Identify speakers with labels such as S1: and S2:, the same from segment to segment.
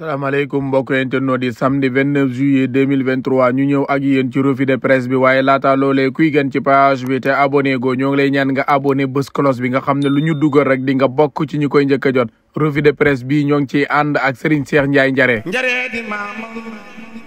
S1: salaamaaleykum mbokk no di samedi 29 juillet 2023 ñu ñëw ak yéen ci revue de presse bi waaye laata loolee kuy gën ci page bi te abonné go ñoo ngi lay ñaan nga abonné bés cloche bi nga xam ne lu ñu dugal rek di nga bokk ci ñu koy njëkk a jot revue de presse bi ñoo ngi ciy ànd ak Serigne
S2: Cheikh Ndiaye Njare.
S1: Njare di maamam.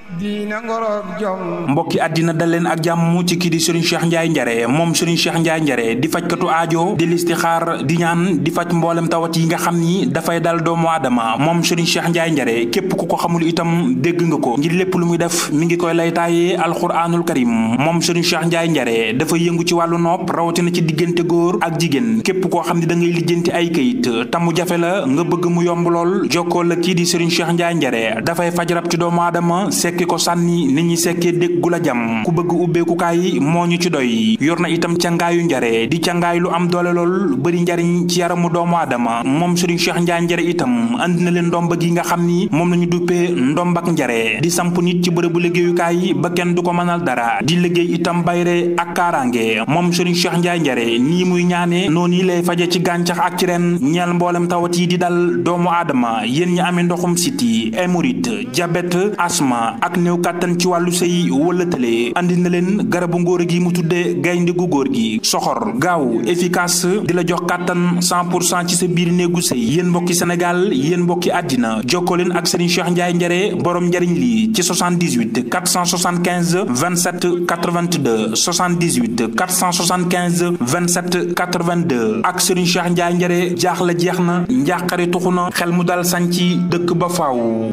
S1: mbokki
S2: àddina dal leen ak jàmm ci kii di Serigne Cheikh Ndiaye Njare moom Serigne Cheikh Ndiaye Njare di fajkatu aajo di listixaar di ñaan di faj mboolem tawat yi nga xam ni dafay dal doomu aadama moom Serigne Cheikh Ndiaye képp ku ko xamul itam dégg nga ko ngir lépp lu muy def mi ngi koy lay taayee alxuraanul karim moom Serigne Cheikh Ndiaye Njare dafa yëngu ci wàllu nopp rawatina ci diggante góor ak jigéen képp koo xam ni da ngay ay kayit tamu jafe la nga bëgg mu yomb lool jokkoo la kii di Serigne Cheikh Ndiaye Njare dafay faj rab ci doomu aadama sekk yëkkati ko sànni nit sekkee dégg gu jam ku bëgg ubbeekukaay yi moo ñu ci doy yor na itam cangaayu njare di cangaay lu am doole lool bëri njariñ ci yaramu doomu adama moom Serigne Cheikh Ndiaye njare itam andi leen ndomba gi nga xam ni moom lañu duppee ndombak njare di samp nit ci bërëbu liggéeyukaay yi ba du ko mënal dara di liggéey itam bayre ak kaaraange moom Serigne Cheikh Ndiaye nii muy ñaane noonu lay faje ci gàncax ak ci ren ñeel mboolem tawat yi di dal doomu aadama yéen ñi amee ndoxum siti hémorroïde diabète asma ak néew kàttan ci wàllu sëy wala tëlee andi na leen garabu ngóor gi mu tuddee gaynde gu góor gi soxor gaaw efficace di la jox kàttan 100 pour cent ci sa biir néegu sëy yéen mbokki Sénégal yéen mbokki àddina jokkoo leen ak Serigne Cheikh Ndiaye Njare borom njariñ lii ci 78 475 27 82 78 475 27 82 ak Serigne Cheikh Ndiaye Njare la jeex na njaaxare tuxu na xel mu dal sanc dëkk ba
S1: faaw.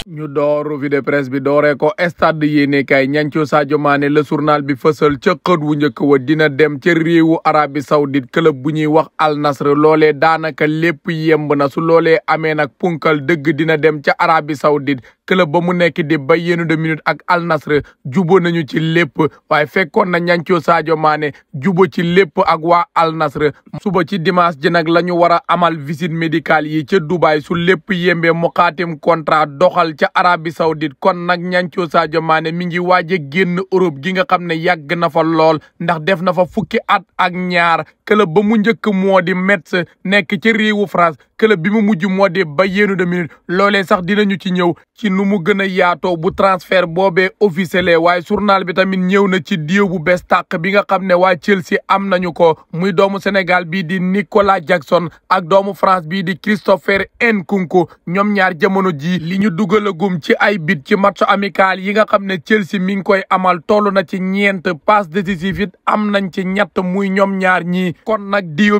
S1: stade yéenekaay ñancoo Sadio Mané la journal bi fësal ca xët wu njëkk wa dina dem ca réewu Arabie Saoudite club bu ñuy wax Al Nasr loolee daanaka lépp yemb na su loolee amee nag punkal dëgg dina dem ca Arabie Saoudite club ba mu nekk di Bayern de Munich ak Al Nassr jubo nañu ci lépp waaye fekkoon na ñancoo Sadio Mané jubo ci lépp ak waa Al suba ci dimanche ji nag la ñu war a amal visite médicale yi ca Dubaay su lépp yembe mu xaatim contrat doxal ca Arabie Saoudite kon nag ñancoo Sadio Mané mi ngi waa a génn Europe ji nga xam ne yàgg na fa lool ndax def na fa fukki at ak ñaar club ba mu njëkk moo di Metz nekk ci réewu France club bi mu mujj moo di Bayern de Munich loole sax dinañu ci ñëw ci nu mu gën a yaatoo bu transfert boobee officiel waaye journal bi tamit ñëw na ci diw bu bees tàq bi nga xam ne waa Chelsea am nañu ko muy doomu Sénégal bii di Nicolas Jackson ak doomu France bii di Christopher Nkunku ñoom ñaar jamono ji li ñu dugalagum ci ay bit ci match amical yi nga xam ne Chelsea mi ngi koy amal toll na ci ñeent passe décisive it am nañ ci ñett muy ñoom ñaar ñii kon nag diw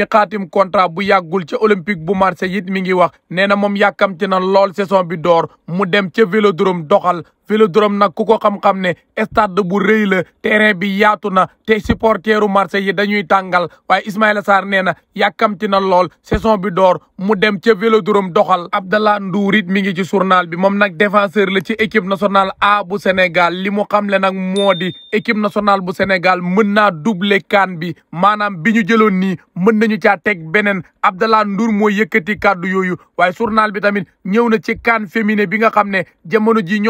S1: mi xaatim contrat bu yàggul ca olympique bu Marseille yit mi ngi wax nee na moom yàkkamti nan lool saison bi door mu dem ca vélodrome doxal Vélodrome nag ku ko xam-xam ne stade bu rëy la terrain bi yaatu na te supporteru Marseille yi dañuy tàngal waaye Ismaïla sar nee na yàkkamti na lool saison bi door mu dem ca Vélodrome doxal Abdallah Ndour it mi ngi ci journal bi moom nag défenseur la ci équipe nationale A bu Sénégal li xam xamle nag moo di équipe nationale bu Sénégal mën naa doubler kaan bi maanaam bi ñu jëloon nii mën nañu caa teg beneen Abdallah nduur moo yëkkati kàddu yooyu waaye journal bi tamit bi nga xam ne jamono ji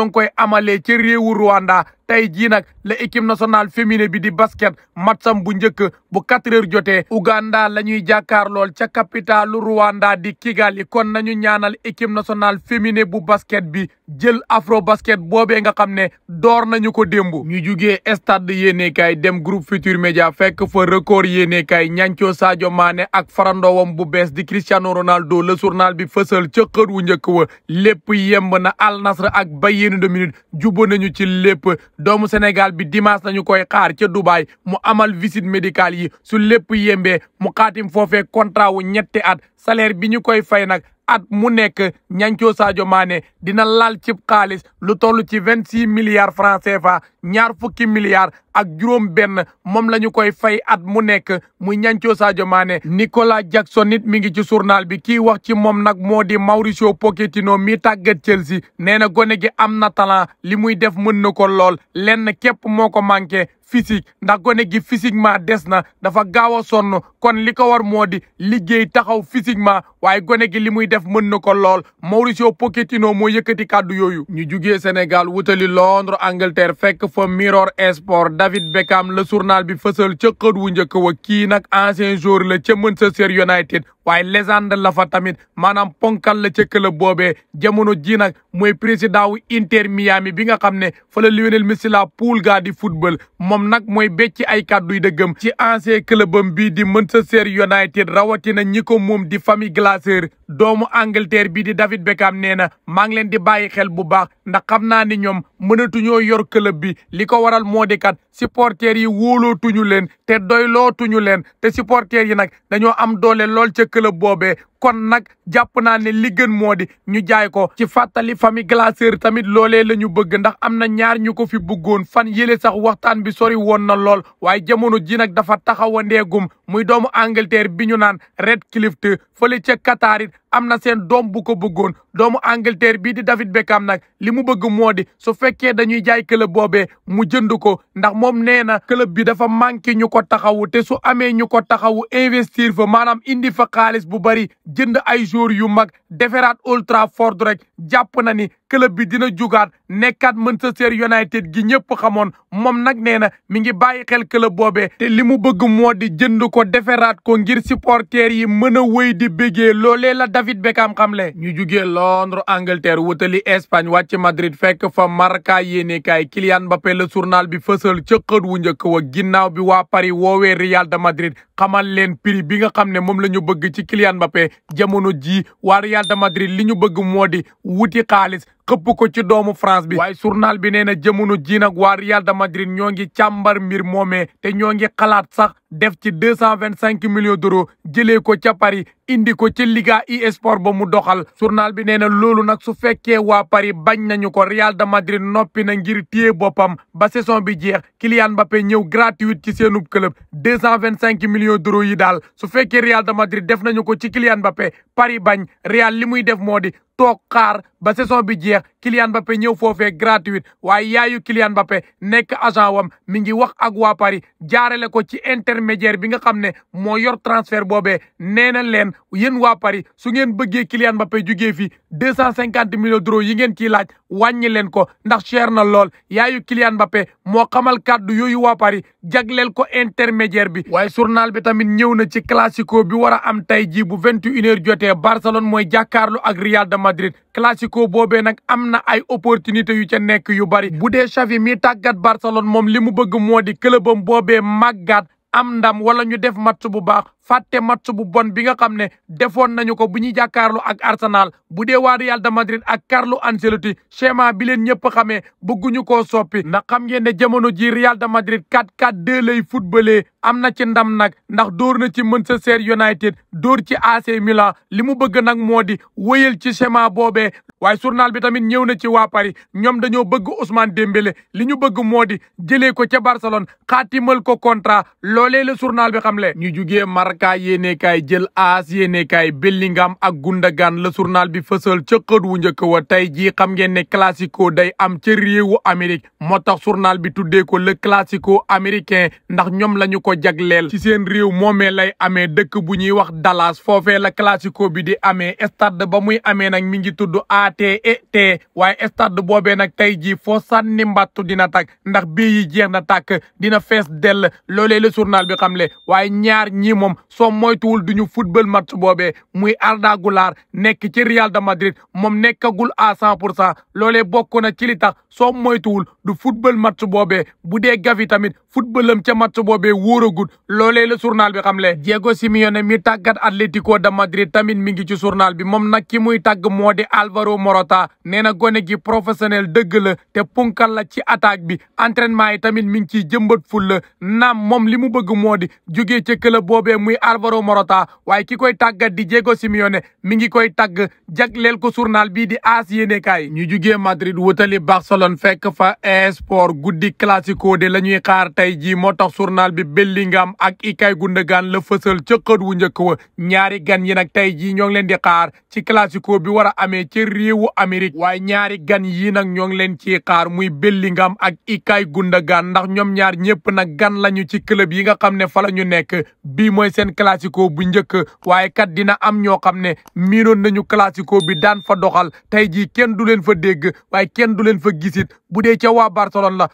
S1: amalee ca réewu Rwanda tey jii nag la équipe nationale féminine bi di basket matsam bu njëkk bu quatre heures jotee Uganda la ñuy jàkkaarlool ca capitalu Rwanda di Kigali kon nañu ñaanal équipe nationale féminine bu basket bi jël afro basket boobee nga xam ne door nañu ko démb ñu jugee stade yéenekaay dem groupe Futurs Médias fekk fa record yéenekaay ñancoo Sadio maane ak farandowam bu bees di Cristiano Ronaldo le journal bi fësal ca xët wu njëkk wa lépp yemb na Al Nassr ak Bayern de Munich nañu ci lépp doomu Sénégal bi dimanche nañu koy xaar ca Dubaay mu amal visite médicale yi su lépp yembee mu xaatim foofee contrat wu ñetti at salaire bi ñu koy fay nag at mu nekk ñancoo Sadio maane dina laal cib xaalis lu toll ci vingt six milliards franc CFA ñaar fukki milliards ak juróom benn moom la ñu koy fay at mu nekk muy ñancoo Sadio Mané Nicolas Jackson nit mi ngi ci surnal bi kii wax ci moom nag moo di Mauricio Pochettino mi tàggat Chelsea nee na gone gi am na talent li muy def mën na ko lool lenn képp moo ko manqué physique ndax gone gi physiquement des na dafa gaaw a sonn kon li ko war moo di liggéey taxaw physiquement waaye gone gi li muy def mën na ko lool Mauricio Pochettino mooy yëkkati kaddu yooyu ñu jugee Sénégal wutali Londres Angleterre fekk fa Mirror Sport David Beckham la journal bi fësal ca xët wu njëkk wa kii nag ancien joueur la ca Manchester United waaye les légende la fa tamit maanaam ponkal la ca club boobee jamono ji nag mooy président wu Inter Miami bi nga xam ne fa la Lionel Messi la ga di football moom nag mooy becc ay kaddu yu dëggam ci ancien clubam bii di Manchester United rawatina ñi ko moom di famille défenseur doomu Angleterre bi di David Beckham nee na maa ngi leen di bàyyi xel bu baax ndax xam naa ni ñoom mënatuñoo yor club bi li ko waral moo di kat supporters yi wóolootuñu leen te doy doylootuñu leen te supporters yi nag dañoo am doole lool ca club boobee kon nag jàpp naa ne li gën moo di ñu jaay ko ci fàttali famille Glasseur tamit loole la ñu bëgg ndax am na ñaar ñu ko fi bëggoon fan yële sax waxtaan bi sori woon na lool waaye jamono ji nag dafa taxawa taxawandeegum muy doomu Angleterre bi ñu naan Redcliffe fële ca Qatar it am na seen doom bu ko bëggoon doomu Angleterre bii di David Beckham nag li mu bëgg moo di su fekkee dañuy jaay club boobee mu jënd ko ndax moom nee na club bi dafa manqué ñu ko taxawu te su amee ñu ko taxawu investir fa maanaam indi fa xaalis bu bari jënd ay joueurs yu mag deferaat Old Trafford rek jàpp na ni club bi dina jugaat nekkaat mën Manchester United gi ñëpp xamoon moom nag nee na mi ngi bàyyi xel club boobe te li mu bëgg moo di jënd ko deferaat ko ngir supporters yi mën a wéy di bégee loolee la David Beckham le ñu jugee Londres Angleterre wutali Espagne wàcc Madrid fekk fa Marca yéenekaay Kylian Mbappé la surnal bi fësal ca wu njëkk wa ginnaaw bi waa Paris woowee Real de Madrid xamal leen prix bi nga xam ne moom la ñu bëgg ci Kylian Mbappé jamono jii waa Real de li ñu bëgg moo di wuti xaalis xëpp ko ci doomu France bi waaye journal bi neena na jamono ji nag waa Real de Madrid ñoo ngi càmbar mbir moomee te ñoo ngi xalaat sax def ci deux cent vingt cinq millions d'euros jëlee ko ca Paris indi ko ci Liga e ba mu doxal journal bi nee na loolu nag su fekkee waa Paris bañ nañu ko Real de Madrid noppi na ngir téye boppam ba saison bi jeex Kylian Mbappé ñëw gratuite ci seenub club deux cent vingt cinq millions d'euros yi daal su fekkee Real de Madrid def nañu ko ci Kylian Mbappé Paris bañ Real li muy def moo di toog xaar ba saison bi jeex Kylian Mbappé ñëw foofe gratuite waaye yaayu Kylian Mbappé nekk agent wam mi ngi wax ak waa pari jaarale ko ci intermédiaire bi nga xam ne moo yor transfert boobe nee na leen yéen waa pari su ngeen bëggee Kylian Mbappé jugee fii deux cent cinquante millions d'euros yi ngeen ciy laaj wàññi leen ko ndax cher na lool yaayu Kylian Mbappé moo xamal kàddu yooyu waa Paris jagleel ko intermédiaire bi waaye journal bi tamit ñëw na ci classico bi war a am tey jii bu vingt et une heures jotee Barcelone mooy jàkkaarloo ak Real de Madrid classico boobee nag am na ay opportunité yu ca nekk yu bari bu dee Xavi mi tàggat Barcelone moom li mu bëgg moo di clubam boobee màggaat am ndam wala ñu def match bu baax fàtte match bu bon bi nga xam ne defoon nañu ko bu ñuy jàkkaarloo ak Arsenal bu dee waa Real de Madrid ak Carlo Ancelotti schéma bi leen ñëpp xamee bëgguñu koo soppi ndax xam ngeen ne jamono ji Real de Madrid 4-4-2 lay footballé am na ci ndam nag ndax dóor na ci Manchester United door ci AC milla li mu bëgg nag moo di wéyal ci schéma boobe waaye journal bi tamit ñëw na ci waa Paris ñoom dañoo bëgg Ousmane Dembélé li ñu bëgg moo di jëlee ko ca Barcelone xaatimal ko contrat loolee la bi xamle ñu jugee Marc kaay yéene kaay jël aas yéene kaay Bellingham ak gan la journal bi fësal ca xët wu njëkk wa tey ji xam ngeen ne classico day am ca réewu Amérique moo tax journal bi tuddee ko le classico américain ndax ñoom la ñu ko jagleel ci seen réew moo moomee lay amee dëkk bu ñuy wax Dallas foofee la classico bi di amee stade ba muy amee nag mi ngi tudd AT&T e waaye stade boobee nag tey jii foo sànni mbattu dina takk ndax bii yi jeex na tàkk dina fees dell loolee la journal bi xam le soo moytuwul duñu football match boobee muy Arda Güler nekk ci Real de Madrid moom nekkagul à cent pour cent loole bokk na ci li tax soo moytuwul du futbal match boobee bu dee Gavi tamit footballam ca match boobee wóoragul loolee la journal bi xamle Diego Simeone mi tàggat Atlético de Madrid tamit mi ngi ci journal bi moom nag ki muy tàgg moo di Alvaro Morata nee na gone gi professionnel dëgg la te punkal la ci attaque bi entraînement yi tamit mi ngi ciy jëmbat ful naam moom li mu bëgg moo di ca club boobee muy Alvaro Morata waaye ki koy tàggat di Diego Simeone mi ngi koy tàgg jagleel ko sournal bii di AS yéenekaay ñu jugee Madrid wutali Barcelone fekk fa esport guddi classico de la ñuy xaar tey jii moo tax journal bi Bellingham ak Ilkay gan la fësal ca wu njëkk wa ñaari gan yi nag tey jii ñoo ngi leen di xaar ci classico bi war a amee ci réewu Amérique waaye ñaari gan yi nag ñoo ngi leen ci xaar muy Bellingham ak gounda gan ndax ñoom ñaar ñëpp nag gan lañu ci club yi nga xam ne fa la ñu nekk bii seen classico bu njëkk waaye kat dina am ñoo xam ne miinoon nañu classico bi daan fa doxal tey jii kenn du leen fa dégg waaye kenn du leen fa gisit bu dee ca waa Barcelone la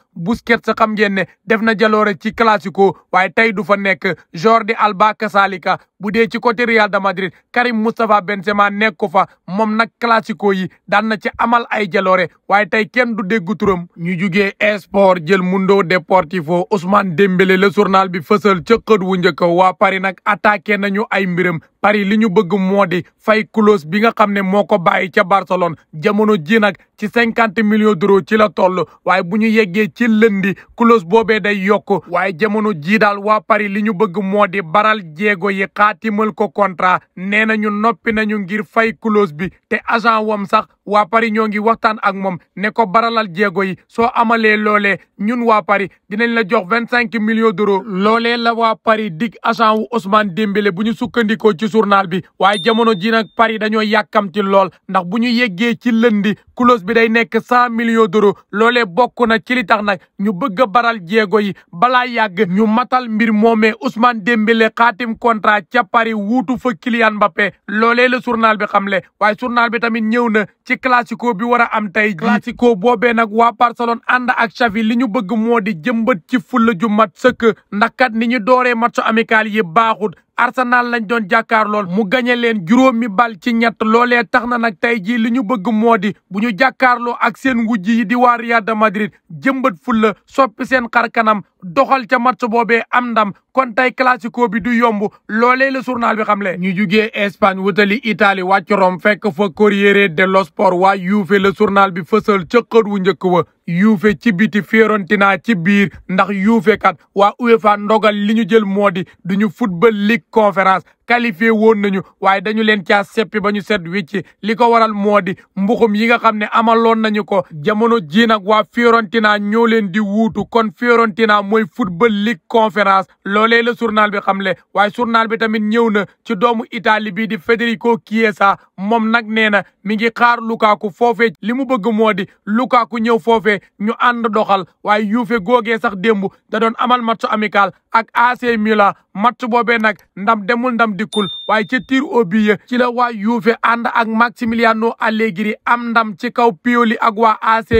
S1: sa xam ngeen ne def na jaloore ci classico waaye tey du fa nekk Jordi Alba kasaalika bu dee ci côté Real de Madrid Karim Moustapha Benzema nekk ko fa moom nag classico yi daan na ci amal ay jaloore waaye tey kenn du dégg turam ñu juge esport jël Mundo Deportivo Ousmane Dembélé le journal bi fësal ca wu njëkk waa Paris nag attaqué nañu ay mbiram Paris li ñu bëgg moo di fay clause bi nga xam ne moo ko bàyyi ca Barcelone jamono ji nag ci cinquante millions d'euros ci la toll waaye bu ñu yeggee ci lëndi clause boobee day yokk waaye jamono jii daal waa pari li ñu bëgg moo di baral jéego yi xaatimal ko contrat nee ñu noppi nañu ngir fay clause bi te agent wam sax waa pari ñoo ngi waxtaan ak moom ne ko baralal jéego yi soo amalee loolee ñun waa Paris dinañ la jox vingt cinq millions d'euros loolee la waa Paris dig agent wu Ousmane journal bi waaye jamono ji nag Paris dañoo yàkkamti lool ndax bu ñu yeggee ci lëndi clause bi day nekk cent millions d'euros loole bokk na ci li tax nag ñu bëgg a baral jéego yi balaa yàgg ñu matal mbir moomee Ousmane Dembélé xaatim contrat ca Paris wuutu fa Kylian Mbappé loolee la journal bi xamle waaye journal bi tamit ñëw na ci classico bi war a am tey ci classico boobee nag waa Barcelone ànd ak Xavi li ñu bëgg moo di jëmbat ci fulla ju mat sëkk ndax kat ni ñu dooree match amical yi baaxut Arsenal lañ doon jàkkaar lool mu gañe leen juróomi bal ci ñett loolee tax na nag tey jii li ñu bëgg moo di bu ñu jàkkaarloo ak seen wujj yi di waa Real de Madrid jëmbat fulla soppi seen xar kanam doxal ca match boobee am ndam kon tey classico bi du yomb loolee la journal bi xamle ñu jugee Espagne wutali itali wàcc Rome fekk fa Corriere dello Sport waa Juve la journal bi fësal ca xët wu njëkk wa Juve ci biti Fiorentina ci biir ndax Juve waa UEFA ndogal li ñu jël moo di duñu football league conférence qualifié woon nañu waaye dañu leen caa seppi ba ñu set wicci li ko waral moo di mbuxum yi nga xam ne amaloon nañu ko jamono jii nag waa Fiorentina ñoo leen di wuutu kon Fiorentina mooy football league conférence loolee la journal bi xam le waaye journal bi tamit ñëw na ci doomu itali bii di Federico Chiesa moom nag nee na mi ngi xaar lukaaku foofee li mu bëgg moo di Lukaku ñëw foofee ñu ànd doxal waaye Juve googee sax démb da doon amal match amical ak AC Milan match nag ndam demul dikkul waaye ca tir obi but ci la waa Juve ànd ak Maximiliano Allegri am ndam ci kaw Pioli ak waa AC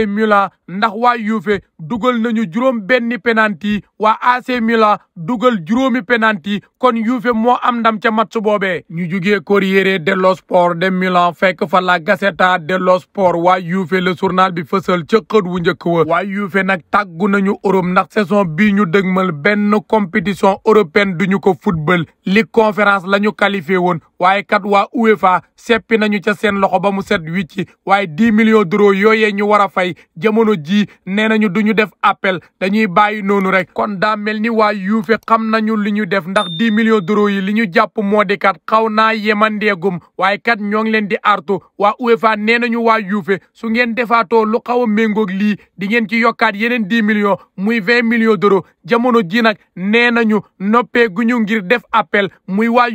S1: ndax waa Juve dugal nañu juróom benni penalti waa AC Milan dugal juróomi penalti kon Juve moo am ndam ca match boobee ñu jugee Corriere dello Sport de Milan fekk fa la Gazzetta dello Sport waa Juve le surnal bi fësal ca xët wu njëkk wa waa Juve nag tàggu nañu Europe ndax saison bii ñu dëgmal benn compétition européenne duñu ko football Ligue conférence la ñu woon waaye kat waa UEFA seppi nañu ca seen loxo ba mu set wicci waaye dix millions d'euros yooyee ñu war a fay jamono jii nee nañu du ñu def appel dañuy bàyyi noonu rek kon daa mel ni waa UEFA xam nañu li ñu def ndax dix millions d'euros yi li ñu jàpp moo di xaw naa yemandeegum waaye kat ñoo ngi leen di artu waa fa nee nañu waa UEFA su ngeen defaatoo lu xaw a méngoog lii di ngeen ci yokkaat yeneen dix million muy vingt millions d'euros jamono ji nag nee nañu noppee ngir def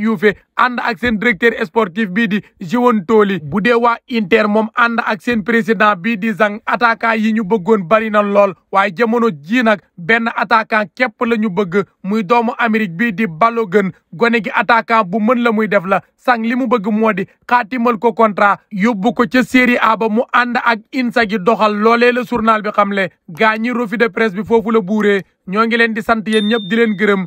S1: Juve ànd ak seen directeur sportif bii di Giuntoli bu dee waa Inter moom ànd ak seen président bii di Zang attaquant yi ñu bëggoon bari na lool waaye jamono ji nag benn attaquant képp la ñu bëgg muy doomu Amérique bii di Balogun gone gi attaquant bu mën la muy def la Zang li mu bëgg moo di xaatimal ko contrat yóbbu ko ca Serie A ba mu ànd ak Inzaghi doxal loolee la journal bi xamle gaa ñi revue de presse bi foofu la buuree ñoo ngi leen di sant yéen ñëpp di leen gërëm